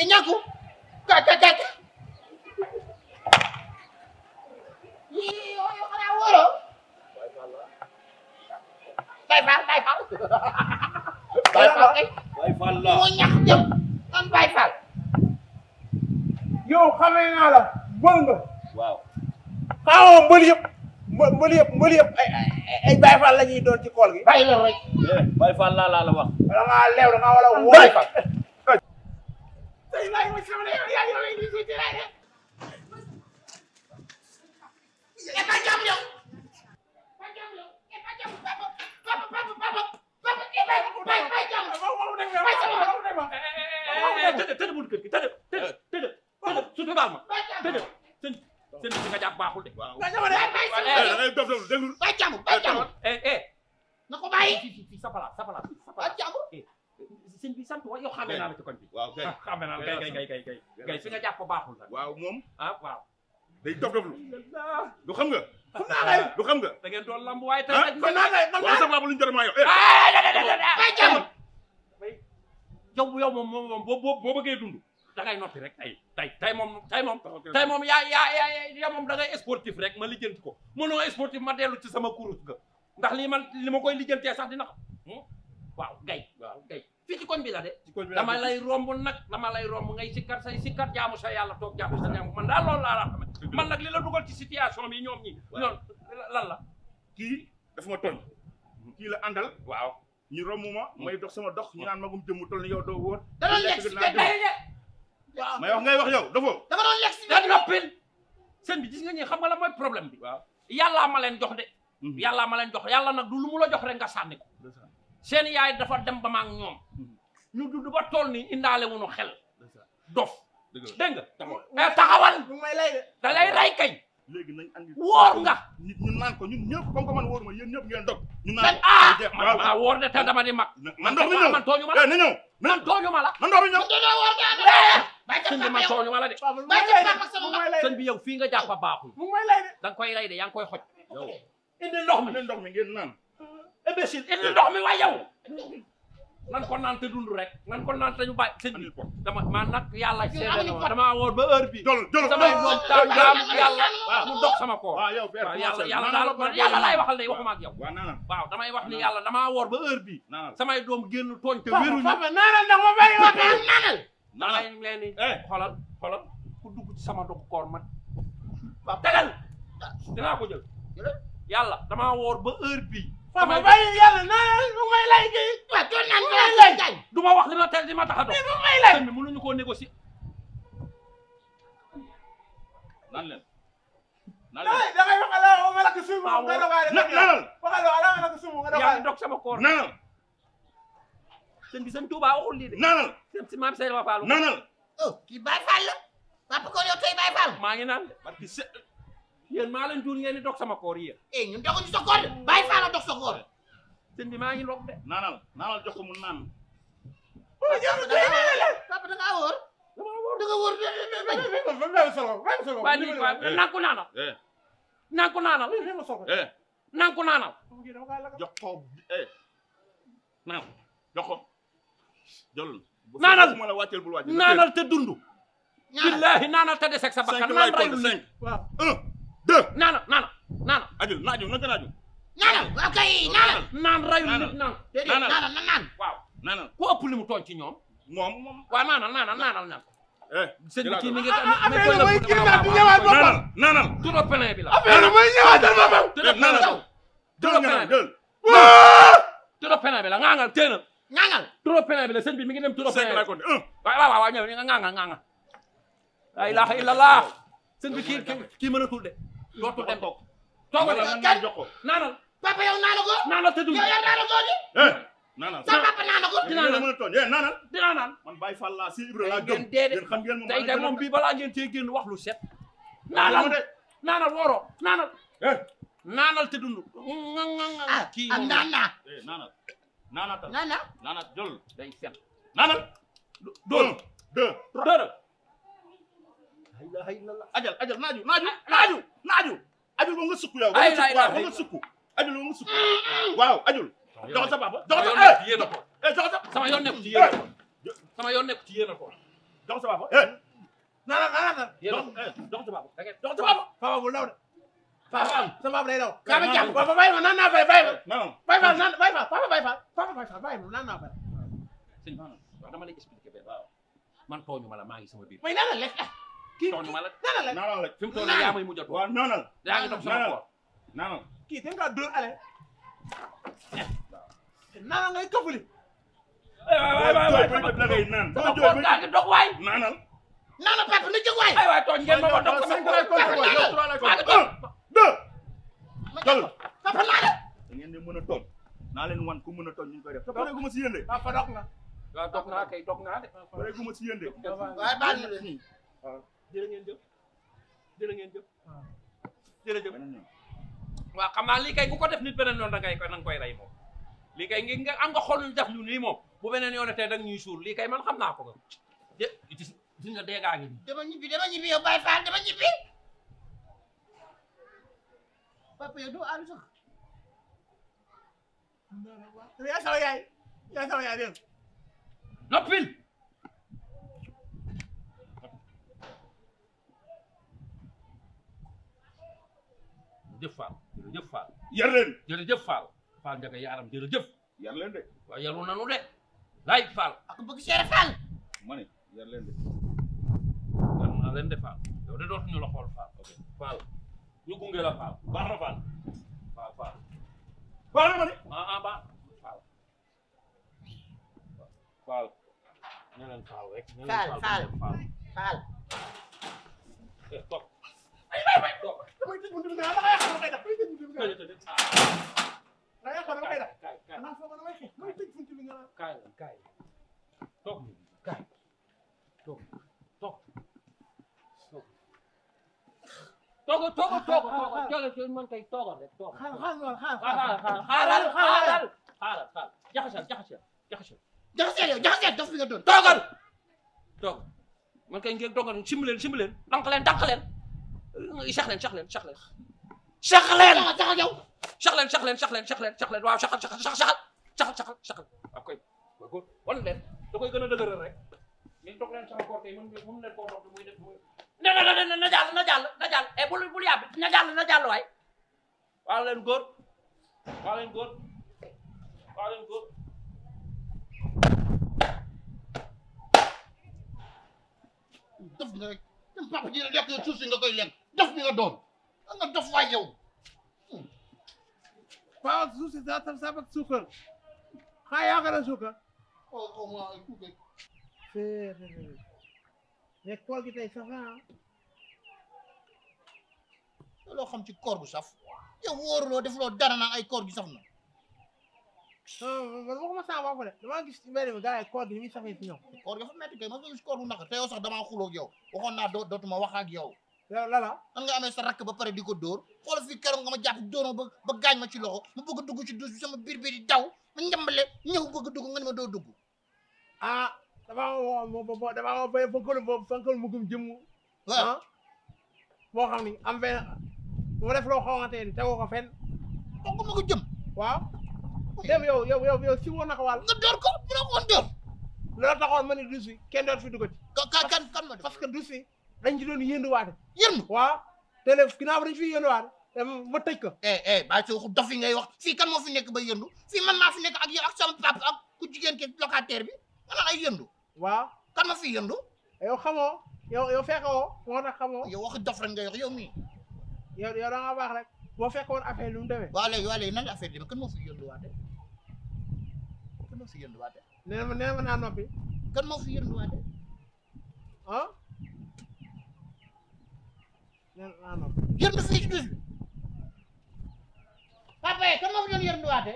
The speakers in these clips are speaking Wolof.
Iñaku kaka kaka yii yow yow xanaa wóoroo Baye Fall Baye Fall Baye Fall Baye Fall la mu ñax jëm am Baye Fall yow xamee naa la bël nga waaw xamoo mbël yëpp mbël yëpp mbël yëpp ay ay Baye Fall la ñuy doon ci kool gi eh, bàyyi la rek Baye Fall laa la wax da ngaa leew da ngaa war a wóor na ko bàyyi. fii fii fii sa palaas sa palaas sant wa yow xamee naa la ci kon bi waaw kay ah, xamee naa la kay kay kay kay kay nga jàpp baaxul la waaw moom ah waaw day dof dof lu du xam nga xam naa lay du nga da ngeen doon lamb waaye tey ah, nag xam naa lay waaw sax baabu lu ñu jot yow eh. ah, eh, eh, ay jàmm yow yow moom moom moom boo boo bëggee dund da ngay noppi rek tey tey tey moom tey moom tey moom yaa yaa yaa moom da ngay rek ma lijjanti ko mënoo sportif ma dellu ci sama kurus ga ndax lii man li ma koy lijjantee sax dina xam waaw hmm? waaw gay fii ci koñ bi la de. dama lay romb nag dama lay romb ngay sikkar say sikkar jaamu sa yàlla toog jaamu sa jaamu man daal loolu laa man nag li la dugal ci situation bi ñoom ñi. ñoom la. kii dafa ma tooñ. kii la àndal waaw. ñu rombuma may dox sama dox ñu naan magum jëmm toll ni yow doo wóor. da doon lekk si kër day wax ngay wax yow dafoo. dafa doon bi gis nga ñi xam nga la mooy problème bi. waaw yàllaa ma leen jox de. Mhm. yàllaa ma leen jox yàlla nag du lu mu la jox rek nga sànni ko. seen yaay dafa dem ba ma ak ñoom ñu dudd ba tool ni indaale wuñu xel dof dégg nga eh, taxawal da lay rey kay léegi nañ andi wóor nga nit ñu naan ko ñun ñëpp comme que man wóor ma yéen ñëpp ngeen dog ñu naan ah wóor de te dama di mag man ndox mi ñëw man tooñu ma la eh, nañëw man tooñu ma la man ndox mi ñëw eh! sëñ bi man tooñu ma la de sëñ bi yow fii nga jàpp baaxul mu may lay de da nga koy rey de yaa ngi koy xoj indi ndox mi indi ndox mi ngeen naan imbécile indi ndox mi waaye yow nan ko naan te dund rek nan ko naan te ñu bàyyi sëñ bi yàlla seede na dama woor ba heure bi samay moom taam daam yàlla mu dox sama koor waaw yàlla yàlla daal yàlla laay waxal day waxuma ak wax ni yàlla damaa woor ba heure bi samay doom génn tooñ te wéruñu naanal nag ma bàyyi wax naanal damay leen ni eh. xolal xolal ku dugg ci sama dox koor man tegal dinaa ko jël yàlla damaa woor ba heure papa bàyyi yàlla na mu may lay gi waaw du ma wax li ma teel li ma tax a doon mu may lay mi mënuñu koo négocier nan leen nan leen da ngay ala la ko ma la ko suumu nga dogaale yaa dog sama koor nanal sëñ bi sëñ Tuuba waxul lii de nanal si maam Seydou Fall nanal oh kii Baye Fall la papa ko yow tey Baye Fall maa ngi naan barki yéen maa leen tuur ngeen di dog sama koor yéen. eh ñun doguñu sa koor de bàyyi faa la dog sa koor. sëñ bi maa ngi dog de. naanal naanal jox ko mu naan. wala jërëjëf jërëjëf. papa da ngaa wóor. da nga wóor da nga wóor. naa eh. eh. ko naanal. naa ko naanal. naa ko naanal. jox ko naaw jox ko. jëlul naanal naanal te dund. billaahi naanal te deseg sa bakkan naan rayul nit waaw deux naana naana naana ajul naaju naka naaju naanal ok naanal naan rayul nit naan naanal na naan waaw naanal ku ëpp li mu tooñ ci ñoom moom moom waaw naanal naanal naanal naan eh, sëñ bi kii mi ngi affaire la mooy ñëwaat di ñëwaat boppam naanal tudo pelin bi la affaire ah, la mooy ñëwaat dal boppam eh, naanal tudo pelin bi tudo pelin bi la ngaangal téena ngaangal tudo pelin bi la sëñ bi mi ngi dem tudo pelin waaw waaw waaw ñëw nga ngaangal ngaangal la ilaha illallah sëñ bi kii kii mënatul de dootul dem toog toogal naan jox ko naanal papa yow naana ko naanal te du yow yaa naana koo di eh, naanal sa papa naana ko dina mën a tooñ e naanal dinaa naan man Baye Fall laa si Ibra laa gëm déedéet xam ngeen moom tey de moom bii balaa ngeen cee génn wax lu set naanal naanal wooro naanal eh. naanal te dund ah, ah, kii am naana naanal naanal naana naanal jël day set naanal doon deux trois ilaha illallah ajal ajal naaju naaju naaju naaju ajul ba nga sukk yow ba nga sukk ajul ba nga sukk waaw ajul doxal sa papa doxal sa eh yéen a ko eh doxal sa sama yoon nekk ci yéen a ko sama yoon nekk ci yéen a ko doxal sa papa eh na na na doxal sa papa doxal sa papa papa bu ndaw de papa am sama papa day daw ka ma jàpp papa bàyyi ma naan naa fay bàyyi ma bàyyi ma naan bàyyi ma papa bàyyi ma papa bàyyi ma bàyyi ma naan naa fay sëñ dama lay expliquer benn man tooñu ma la maa ngi sama biir may naa la lekk tooñ ma la nana la nana la fi mu toll nii yaa may mujj a toog waaw nana la yaa ngi doon sama koor nana la kii dañ kaa dóor ale eh. nana ngay kafuli eh, waay waay waay waay naan sama koor gaa ngi dox waay nana la nana papa na jóg waay waay tooñ ngeen ma ma dox sama koor deux deux papa naa la da ngeen di mën a tooñ naa leen wan ku mën a tooñ ñu koy def te pare gu ma si yéen de papa dox nga waaw dox naa kay dox naa de pare gu ma si yéen de waaye baal na la nii jërë ngeen jëf jërë ngeen jëf ah. jërëjëf waaw xam naa lii kay ku ko def nit beneen yoon da ngay koy nanga koy rey moom lii kay ngi nga am nga xolul def lu nii moom bu beneen yoon tey danga ñuy suur lii kay man xam naa ko nga gis nga déegaa ngi nii dama ñibbi dama ñibbi yow Baye Fall dama ñibbi papa yow doo àll sax yaa sama yaay yaa sama yaay dégg noppil jërëjëf Fall jërëjëf Fall. yar leen jërëjëf Fall. Fall Ndiaga yaaram jërëjëf. yar leen de. waaw yaru nanu de. laay Fall ak bëgg seere Fall. ma ne yar leen de. yar naa leen de Fall. yow de dootuñu la xool Fall. ok Fall ñu gunge la Fall baax na Fall. Fall Fall. Fall ma ne. ah ah baax Fall. Fall. ñu leen Fall rek. ñu leen Fall Fall Fall. Eh, toog. ay waay waay toog. toogal toogal toogal toogal toogal toogal man kay toogal rek toogal. xaaral xaaral xaaral xaaral xaaral xaaral jaxasal jaxasal jaxasal. jaxasal yow jaxasal dof bi nga doon. toogal toogal man kay ngeen toogal simb leen simb leen dànq leen dànq leen sax leen sax leen sax leen. sax leen saxal yow. sax leen sax leen sax leen sax leen sax leen waaw saxal saxal saxal saxal saxal saxal waaw koy wan leen da koy gën a dëgëral rek ngeen toog leen sax koor tey mën ngeen mën leen koo toog muy def muy. na na na na jàll na eh, bul bul na jàll na jàll waay waaw góor waaw góor waaw góor dof nga rek dem papa ji lekk nga suuf si nga koy lekk dof bi nga doon da nga dof waay yow waaw suuf si daa saf ak suukar xaa yaakaar suukar oh, oh, koor gi tey sax na loo xam ci koor gu saf yow wóoruloo def loo dara na ay koor gi saf na. man waxuma saa baaxul de damaa gis mbéy mi gars yi koor gi ni muy safee si ñoom. koor gi dafa métti kay bu naka te yow sax dama xuloo ak yow waxoon naa dootuma wax ak yow. yow lala nan nga amee sa rakk ba pare di ko dóor xoolal fii keroog nga ma jàpp dóoroo ba ba gaañ ma ci loxo ma bëgg dugg ci douche bi sama biir bi di daw ma njambale ñëw bëgg a dugg nga ne ma doo dugg ah, damaa woo boobu damaa woo ba fankalu boobu fankalu mugum jëmm. Ah. ah boo xam ni am benn mu def loo xamante ni tegoo ko fenn. fankalu mugum jëm. waaw. dem yow yow yow yow si woon na ko wàll. nga door ko bu la ko woon door. loola taxoon ma ni duus bi kenn dootu fi duggati. kan kan kan ma def parce que duus bi dañ ci doon yënduwaate. yëndu waaw te léegi ginnaaw dañ fi yënduwaate. ma tëj ko. eh eh bàyyi si dof yi ngay wax fii kan moo fi nekk ba yëndu fii man maa fi nekk ak yow ak sama papa ak ku jigéen ki locataire bi man ay yëndu. waaw kan ma fi yëndu yow xamoo yow yow fekkoo moo tax xamoo yow wax dof rek nga yox yow mii yow yow da baax rek boo fekkoon affaire lu mu demee waaw léegi waaw léegi nan la affaire demee moo fi yënduwaate kan moo fi yënduwaate nee ma nee ma naa noppi kan moo fi yënduwaate ah nee ma noppi yëndu fii ci dus moo fi doon yënduwaate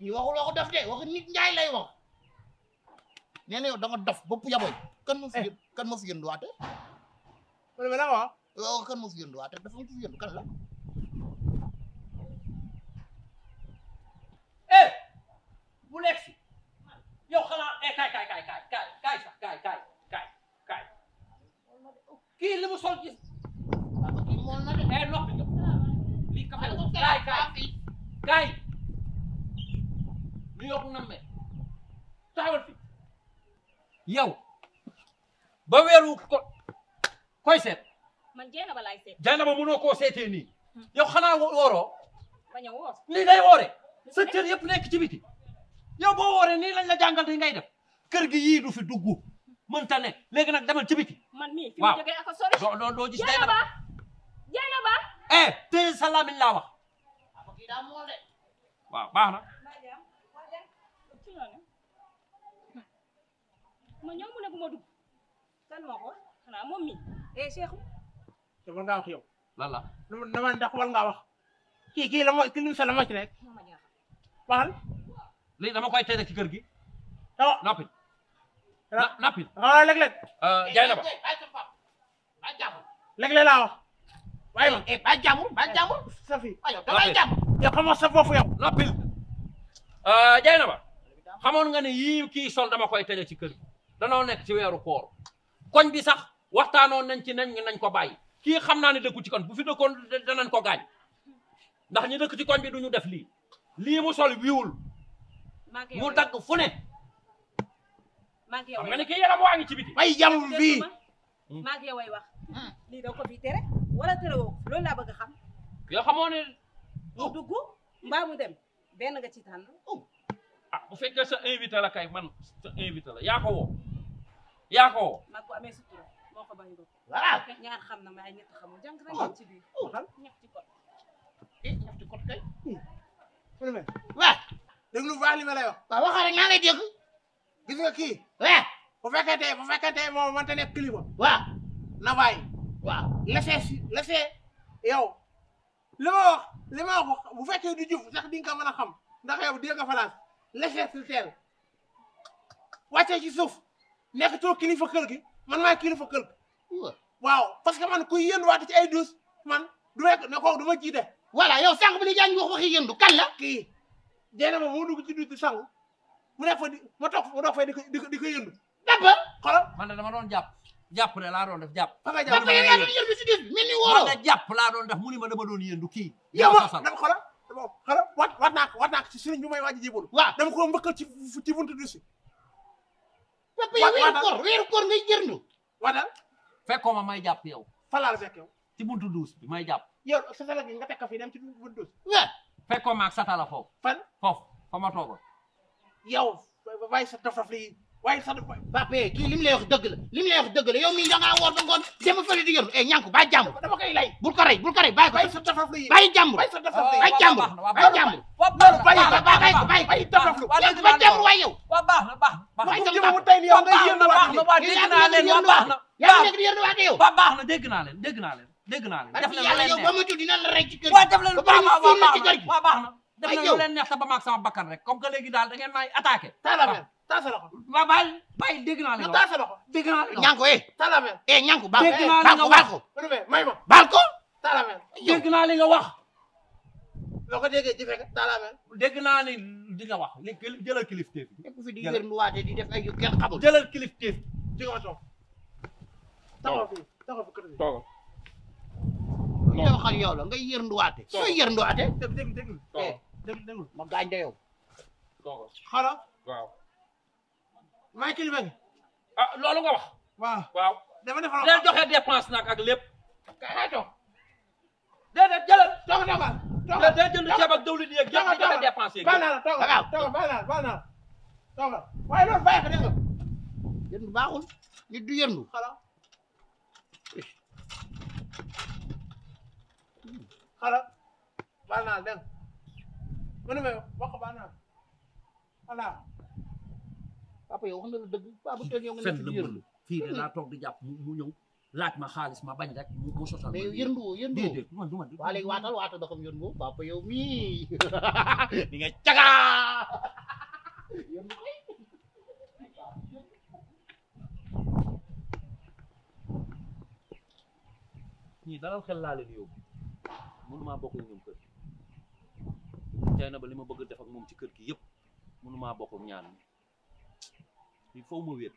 kii waxul waxu dof de waxu nit njaay lay wax nee yow da nga dof bopp yaboy kan moo eh. kan moo fi yëndu waate ma ne la wax waaw yëndu kan la eh bu lekk yow xanaa eh kaay kaay kaay kaay kaay kaay sax mu sol gis kii mool na de eh noppi nga lii yow ba weeru ko koy seet. man Jeynaba laay seet. Jeynaba koo seetee nii. yow xanaa wooroo. bañ a nii ngay woore. sa cër yëpp nekk ci biti. yow boo wooree nii lañ la jàngal te ngay def. kër gi yii du fi dugg. mënta ne léegi nag demal ci biti. man mii fi a sori. waaw doo doo gis Jeynaba ma ñëw mu ne bu ma dugg kan moo ko xanaa moom mi eh Cheikh. te war ngaa wax yow. lan la dama ndax war ngaa wax kii kii la mooy mu la moo ci nekk. waxal. lii dama koy tere ci kër gi. taw nappi. na nappi. waaw léeg-léeg. Euh, jaay na ba. Eh, léeg-léeg eh, eh, safi aywa damay jàmm. yow xamoo sa bopp yow. Euh, na nga ne yii kii sol dama koy tere ci kër gi. danoo nekk ci weeru koor koñ bi sax waxtaanoon nañ ci nañ nañ ko bàyyi kii xam naa ne dëkku ci kon bu fi dëkkoon danañ ko gaañ ndax ñu dëkk ci koñ duñu def lii lii mu sol wiwul mu dagg fu ne xam nga ne kii yaram waa ngi may jam bii maag yow ay wax hmm. lii da ko fi tere wala tere woo loolu laa bëgg a xam yoo xamoo ne mu oh. dugg mbaa mu dem benn nga ci tànn oh. ah bu fekkee sa invité la kay man sa invité la yaa ko woo yaa ko. mag bu amee sutura moo ko bàyyi bopp. ñaar xam na ma ay ñett xamul jàng rek ci biir. ñax ci kot. eh ñax ci kot kay. Hmm. waaw. li ma lay wax. waaw waxal rek laa dégg. gis nga kii. waaw. bu fekkee tey bu fekkee tey moom mënta nekk kilifa. waaw. na bàyyi. si laissez yow. li wax li wax bu fekkee du jëf sax di nga ko mën a xam ndax yow dégg a falaas laissez si teel wàccee ci suuf. nekkatoo kilifa kër gi man maay kilifa kër gi. waaw parce que man kuy yënduwaate ci ay douze man du may ne kooku du ma jiite. voilà yow sànq bi li jaañ wax waxi yëndu kan la. kii dee na ma moo dugg ci douze di sangu mu nekk fa di ma toog ma toog fay di doon jàpp jàpp de laa doon jàpp. fa nga jàpp yow yaa doon yëndu ni wóoroo man de laa doon def mu ni ma dama doon yëndu kii. yow ma dama xoolal dama xoolal waat waat naa naa ko ci sëriñ bi may waaj a jébbalu. waaw dama ko mbëkkal ci ci buntu douze papa yow weeru koor weeru fekkoo ma may jàpp yow falaal fekk yow ci buntu duus bi may jàpp yow satala gi nga teg ko fii dem ci buntu duus waa fekkoo ma ak satala foofu fan foofu fa ma toogoon yow bàyyi sa dof lii waaye sax papa eh, kii li mu lay wax dëgg la li mu lay wax dëgg la yow mii da ngaa woor ba ngoon dem fële di yor eh ñànku bàyyi jàmm dama koy lay bul ko rey bul ko rey bàyyi ko bàyyi jàmm bàyyi jàmm bàyyi jàmm bàyyi ko bàyyi ko bàyyi ko ba jàmm waay yow wa baax na baax na mu tey yow ngay yéen waat ni dégg naa leen wa baax na yaa nekk di yéen waat yow wa baax na dégg naa leen dégg naa leen dégg naa leen def leen yàlla yow ba ma jul dina la rey ci kër wa def leen wa baax na def leen leen neex ta ba maag sama bakkan rek comme que léegi daal da ngeen may attaqué taal sa loxo ba bàyyi bàyyi dégg naa la nga taal sa loxo dégg naa la ñànku eh taal la mel eh ñànku baal ko eh. baal ko baal ko may ma baal ko taal la mel dégg naa li nga wax loo ko déggee jëfee ka taal la mel dégg naa ni di nga wax léegi jëlal kilifteef bi fi di yër mu waate di def ay yu kenn xamul jëlal kilifteef di nga toog taxaw fi taxaw fi kër gi toogal non waxal yow la nga yër nduwaate soo yër nduwaate dégg dégg eh, dégg dégg ma gaañ da yow toogal xala waaw maay kilifa gi ah loolu nga wax. waaw waaw. dafa defal leen joxe dépense nag ak lépp. kaa jox. déedéet jëlal. toog joxe dépense yeeg. baal naa la toog na toog na baal loolu bàyyi ko dégg nga. yëndu du yëndu. xala xala baal naa la dégg nga. mu ne ma wax papa yow wax na la toog di jàpp mu ñëw laaj ma xaalis ma bañ rek mu sosal mais yërnduwoo yërnduwoo déedéet du ma waa léegi waatal waata da mii ñii dalal xel laa leen yóbbu mënumaa bokk ñoom kër tey na ba li ma bëgg def moom ci kër gi yëpp mënumaa bokk ak ñaan die formuleert.